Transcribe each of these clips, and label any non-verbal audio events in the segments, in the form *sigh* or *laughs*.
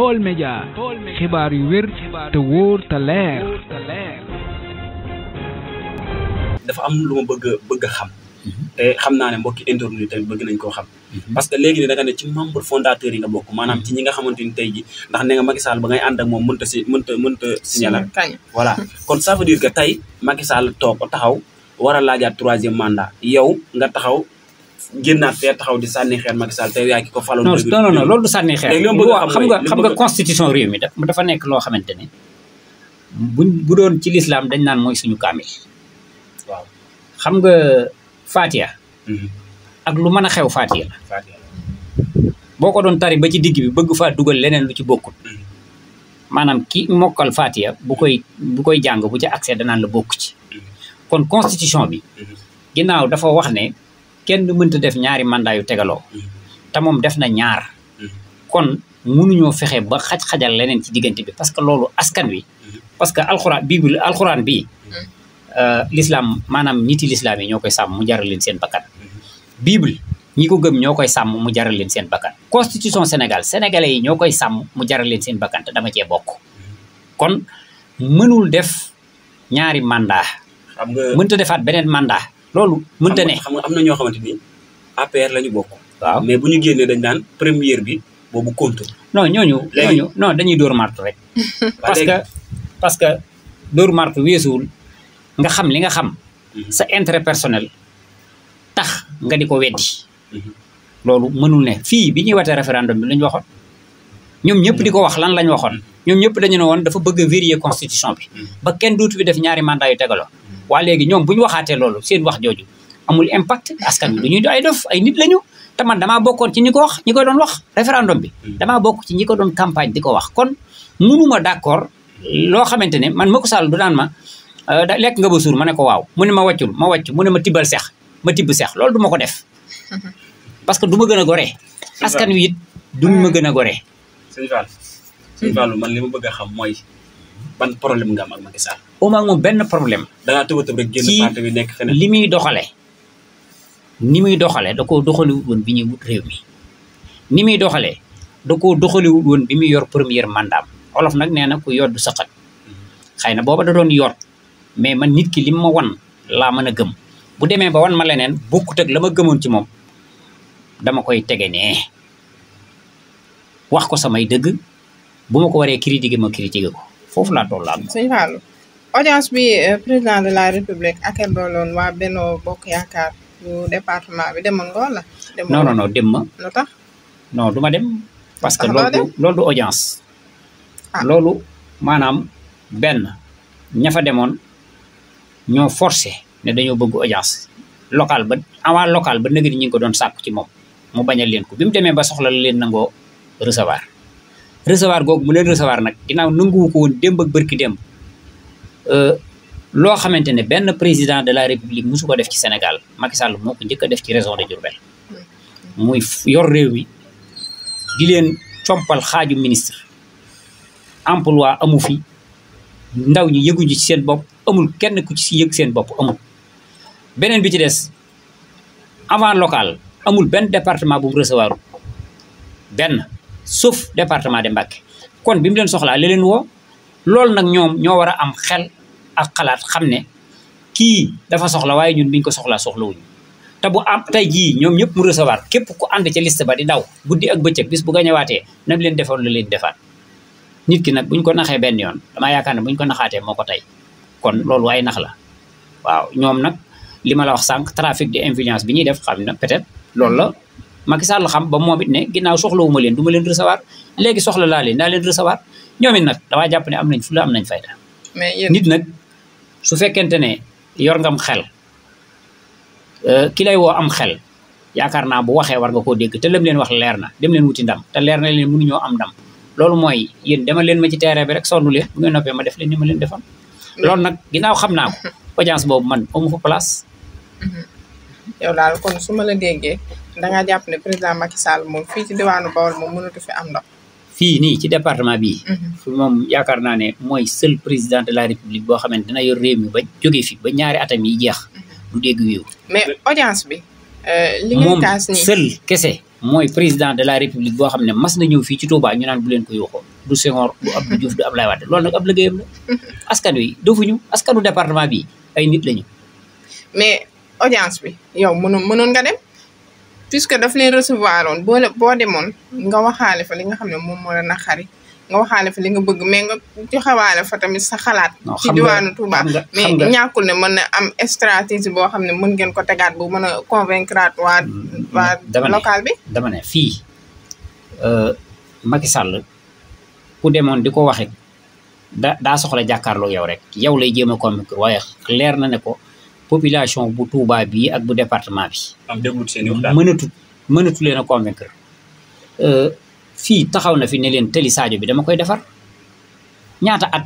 Baol Médias xibaar yu wér te wóor te dafa am lu ma bëgg bëgg xam. Mhm. te xam naa ne mbokki internet yi tamit bëgg nañ koo xam. Mhm. parce que léegi ne da nga ne ci membre fondateur yi nga bokk maanaam mhm. ci ñi nga xamante ni tey ji ndax ne nga Macky ba ngay ànd ak moom mënta si mënta mënta signaler. voilà *laughs* kon ça veut dire que tey Macky Sall toog taxaw war a laajaat troisième mandat yow nga taxaw. génnaat fee taxaw di sànni xeer Macky Sall te yaa ko faloon. non non non loolu du sànni xeer. xam xam nga constitution réew mi dafa nekk loo xamante ne bu bu ci lislaam dañ naan mooy suñu kaamil. xam nga faatia mhm. ak lu mën a xew Fatiha boo ko doon tari ba ci digg bi bëgg faa dugal leneen lu ci bokkut. Mhm. maanaam ki mokkal faatia bu koy bu koy jàng bu ci accès danaan la bokk ci. Mhm. kon constitution bi. ginnaaw dafa wax ne. kenn mënta def ñaari mandat yu tegaloo mm-hmm. te moom def na ñaar mm-hmm. kon mënuñoo fexe ba xaj-xajal leneen ci diggante bi parce que loolu askan wi mm-hmm. parce que alxuraan bible alxuraan bi euh, lislaam maanaam niti lislaam yi ñoo koy sàmm mu jaral leen seen bakkan bible ñi ko gëm ñoo koy sàmm mu jaral leen seen bakkan constitution Sénégal sénégalais yi ñoo koy sàmm mu jaral leen seen bakkan te dama cee bokk kon mënul def ñaari mandat mënta defaat beneen mandat loolu mënta ne xam nga am na ñoo xamante ni APR la ñu bokk. waaw mais bu ñu génnee dañ naan première bi boobu compte. non ñooñu. ñooñu non dañuy dóor martu rek. *laughs* parce que parce que dóor martu weesuwul nga xam li nga xam. Mhm. sa intérêt personnel tax nga di ko weddi. Mhm. loolu mënul ne fii bi ñuy watee référendum bi lu ñu waxoon ñoom ñëpp di ko wax lan la ñu waxoon mhm. ñoom ñëpp dañu ne woon dafa bëgg a vérifier constitution bi ba kenn duutu bi def ñaari manta yu tegaloo waa léegi ñoom bu ñu waxaatee loolu seen wax jooju amul impact askan bi du ñu ay dof ay nit lañu te man damaa bokkoon ci ñi ko wax ñi ko doon wax référendum bi hmm. damaa bokk ci ñi ko doon campagne di ko wax kon munuma d'accord loo xamante ne man Macky Sall du naan ma euh, lekk nga ba suur ma ne ko waaw mu ne ma wàccul ma wàcc mu ne ma tibbal seex ma tibb seex loolu du ma ko def *laughs* parce que du ma gën a goree askan wi it du ma gën a goree man li ma bëgg a mooy ban problème nga am ak Macky Sall. uma ak benn problème. da ngaa tëb a tëb rek génn parti li muy doxale ni muy doxalee da koo doxaliwut woon bi ñuy wut réew mi ni muy doxalee da koo doxaliwut woon bi muy yor première mandat olof nag nee na ku yor du saqat xëy na booba da doon yor mais man nit ki li ma wan laa mën a gëm bu demee ba wan ma leneen bokkut ak la ma gëmoon ci moom dama koy tege nee wax ko samay dëgg bu ma ko waree critiquer ma critiquer ko. foofu laa tollaan. sëñ Fallou audience bi euh, président de la Bokk Yaakaar yu bi demoon nga dem ma. lu tax non dem. parce que ah, loolu loolu du audience. Ah. loolu maanaam benn ña fa demoon ñoo forcé ne dañoo bëgg audience local ba avant local ba nëgëriñ ñi ngi ko doon sàkku ci moom mu bañal leen ko bi mu demee ba soxla leen nangoo recevoir. recevoir googu mu leen recevoir nag dina nanguwu ko woon démb ak bërki démb euh, loo xamante ne benn président de la république mosu ko def ci Sénégal Macky Sall moo ko njëkk a def ci région de Diourbel muy yor réew mi di leen compal xaaju ministre emploi amu fi ndaw ñi yëguñu ci seen bopp amul kenn ku ci yëg seen bopp amul beneen bi ci des avant local amul benn département bu mu benn sauf département de Mbacké kon bi mu leen soxlaa li leen woo loolu nag ñoom ñoo war a am xel ak xalaat xam ne kii dafa soxla waaye ñun biñ ko soxla soxla wuñ te bu am tey jii ñoom ñëpp mu recevoir képp ku ànd ca liste ba di daw guddi ak bëccëg bis bu gañëwaatee nam leen defoon la leen defaat nit ki nag buñ ko naxee benn yoon damaa yaakaar ne buñ ko naxaatee moo ko tey kon loolu waaye nax la waaw ñoom nag li ma la wax sànq trafic de influence bi ñuy def xam na peut-être loolu la Macky Sall xam ba moom it ne ginnaaw soxlawu ma leen du ma leen recevoir léegi soxla laa leen naa leen recevoir ñoom nag damaa jàpp ne am nañ fulla am nañ fayda. mais nit nag su fekkente ne yor ngam xel euh, ki lay woo am xel yaakaar naa bu waxee war nga koo dégg te lam leen wax leer na dem leen wuti ndam te leer na leen ñëw am ndam. loolu mooy yen demal leen ma ci terrain bi rek sonn leen bu nga noppee ma def leen ni ma leen defoon. loolu nag ginnaaw xam naa ko *laughs* audience boobu man amu fa place. yow su ma la déggee. dangaa jàpp ne président Macky Sall moom fii moom mënatu fi am ndox. nii ci département bi mhm. moom yaakaar naa ne mooy seul président de la république boo xamante dina yor réew mi ba jóge fi ba ñaari atam yi jeex. Mhm. du dégg mais audience bi. Euh, li ngeen kaas nii moom seul kese. mooy président de la république boo xam ne mas na ñëw fii ci Touba ñu naan bu leen ko yuuxoo du Senghor du Abdou Diouf du Abdoulaye Wade loolu nag ab liggéeyam la. *laughs* askan wi dofuñu département bi ay nit lañu. mais audience bi yow mënoon mënoon nga dem. puisque daf leen recevoir woon boo boo demoon nga waxaale fa li nga xam ne moom moo la naqari nga waxaale fa li nga bëgg mais nga joxewaale fa tamit sa xalaat. ci diwaanu Touba mais ñàkkul ne mën na am stratégie boo xam ne mën ngeen ko tegaat bu mën a convaincre waa mm, mm, waa local bi. dama ne fii euh, Macky Sall ku demoon di ko waxee da daa soxla jàkkaarloo yow rek yow lay jéem a convaincre waaye leer na ne ko. population bu Touba bii ak bu département bi. am déglu seen mënatu mënatu leen a convaincre. Euh, fii taxaw na fi ne leen tëli Sadio bi dama koy defar ñaata at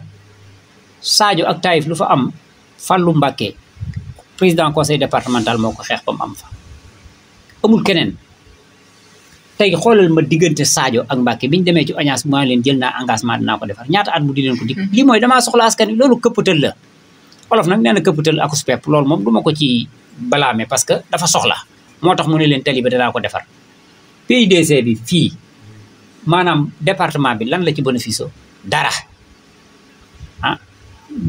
saajo ak Taïf lu fa am Fallou Mbacké président conseil départemental moo ko xeex ba mu am fa. amul keneen tey xoolal ma diggante Sadio ak Mbacké bi ñu demee ci audience bi leen jël naa engagement dinaa ko defar ñaata at mu di leen ko dig. Mhm. lii mooy damaa soxla askan loolu këppatal la. olof nag nee na këpputal akus pepp loolu moom du ma ko ci balaame parce que dafa soxla moo tax mu ne leen tali bi danaa ko defar PUDC bi fii maanaam département bi lan la ci bénéfice o dara ah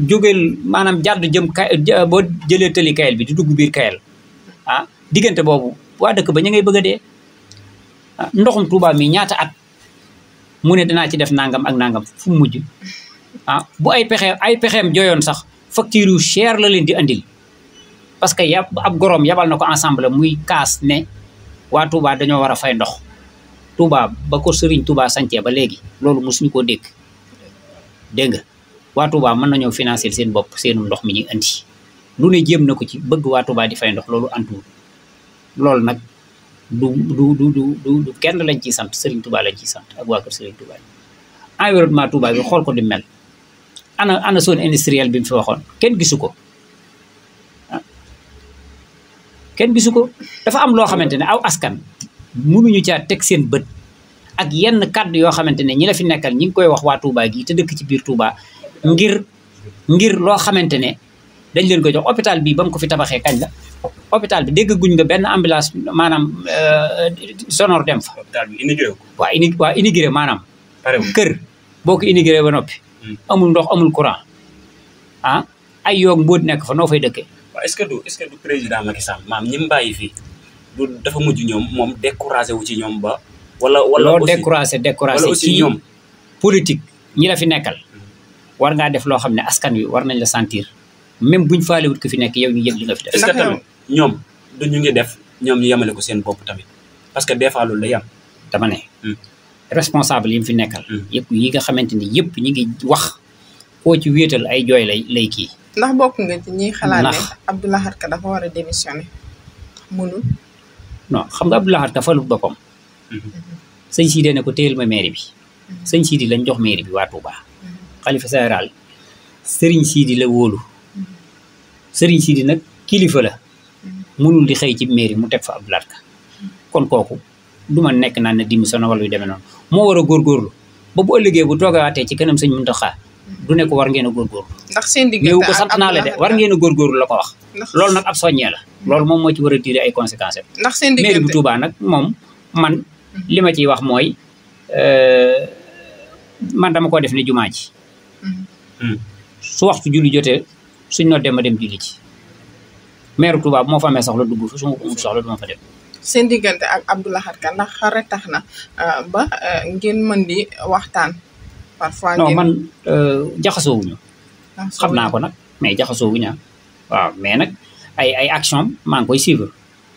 jógeel maanaam jàddu jëm ka boo jëlee tali kayel bi di dugg biir kayel ah diggante boobu waa dëkk ba ñu ngay bëgg a dee ah, ndoxum Touba mii ñaata at mu ne danaa ci def nangam ak nangam fu mujj ah bu ay pexeem joyoon sax facture yu cher la leen di andil parce que ya ab goroom yabal na ko ensemble muy kaas ne waa dañoo war a fay ndox Touba ba ko Serigne Touba sancee ba léegi loolu mosuñu koo dégg dégg nga waa Touba mën nañoo financer seen bopp seenum ndox mi ñuy andi lu ne jéem na ko ci bëgg waa Touba di fay ndox loolu antuwul loolu nag du du du du du kenn lañ ciy sant Serigne Touba lañ ciy sant ak waa kër Serigne Touba environnement Touba bi xool ko di mel. ana ana zone industrielle bi mu fi waxoon kenn gisu ko kenn gisu ko dafa am loo xamante ne aw askan mënuñu caa teg seen bët ak yenn kàddu yoo xamante ne ñi la fi nekkal ñi ngi koy wax waa Touba gi te dëkk ci biir Touba ngir ngir loo xamante ne dañ leen koy jox hôpital bi bam ko fi tabaxee kañ la hôpital bi dégg guñ nga benn ambulance maanaam euh, sonor dem fa. hôpital bi inauguré maanaam. kër boo ko inauguré ba noppi. Hmm. amul ndox amul courant ah ay yoog mbóot nekk fa noo fay dëkkee. waaw est-ce que du est du président Macky Sall maam ñi mu bàyyi fii du dafa mujj ñoom moom découragé wu ci ñoom ba. wala wala aussi loo découragé ci ñoom politique ñi la fi nekkal. Hmm. war ngaa def loo xam ne askan wi war nañ la sentir même buñ faalewut ko fi nekk yow ñu yëg li nga fi def. est-ce que tamit ñoom du ñu ngi def ñoom ñu yemale ko seen bopp tamit parce que des fois loolu lay am dama responsable yi mu fi nekkal. Mm. yëpp yi nga xamante ni yëpp ñi ngi wax koo ci wéetal ay jooy lay lay kii. ndax bokk nga ci ñiy xalaat ne Abdou Lahad Ka dafa war a démissionner mënul. no xam nga Abdou Lahad Ka falu boppam. Mm-hmm. sëñ Sidi ne ko téyel ma mairie bi. Mm-hmm. sëñ Sidi lañ jox mairie bi ba Touba. xalifa mm-hmm. général sëriñ Sidi la woolu sëriñ Sidi nag kilifa la. mënul di xëy ci mairie mu teg fa Abdou kon kooku. du ma nekk naan ne démission na wala yu demee noonu moo war a góorgóorlu ba bu ëllëgee bu toogaatee ci kanam sëñ Muntaxa du nekk war ngeen a góorgóorlu ndax seen diggante ko sant naa la de war ngeen a góorgóorlu la ko wax loolu nag ab soññee la mm. loolu moom moo ci war a tiire ay conséquences ndax seen diggante mairie bu Touba nag moom man mm. li ma ciy wax mooy euh, man dama ko def ne jumaa ji mm. su waxtu julli jotee suñ noddee ma dem julli ci maire Touba bu moo fa amee soxla dugg fi su ma ko soxla du fa dem seen diggante ak Abdou Lahad Ka ndax tax na euh, ba euh, ngeen mën di waxtaan. parfois non man euh, jaxasoo wuñu xam naa ko nag mais jaxasoo wuñu ah. waaw mais nag ay ay action am maa ngi koy suivre.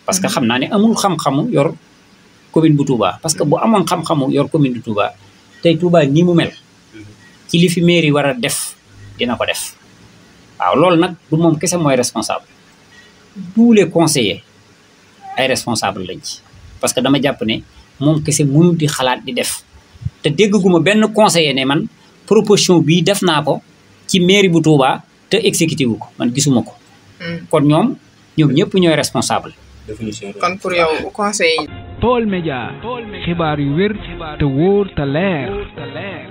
parce que mhm. xam naa ne amul xam-xamu yor commune bu Touba parce que bu mhm. amoon xam-xamu yor commune bu Touba tey Touba nii mel. Mhm. ci li fi mairie war a def dina ko def waaw loolu nag moom kese mooy responsable tous les conseillers. ay responsable lañ parce que dama jàpp ne moom kese mënu di xalaat di def te ma benn conseiller ne man proposition bii def naa ko ci mairie bu Touba te exécuté wu ko man gisuma ko. Hmm. kon ñoom ñoom ñëpp ñooy responsable. kon pour yow conseil. xibaar yu wér te wóor te leer.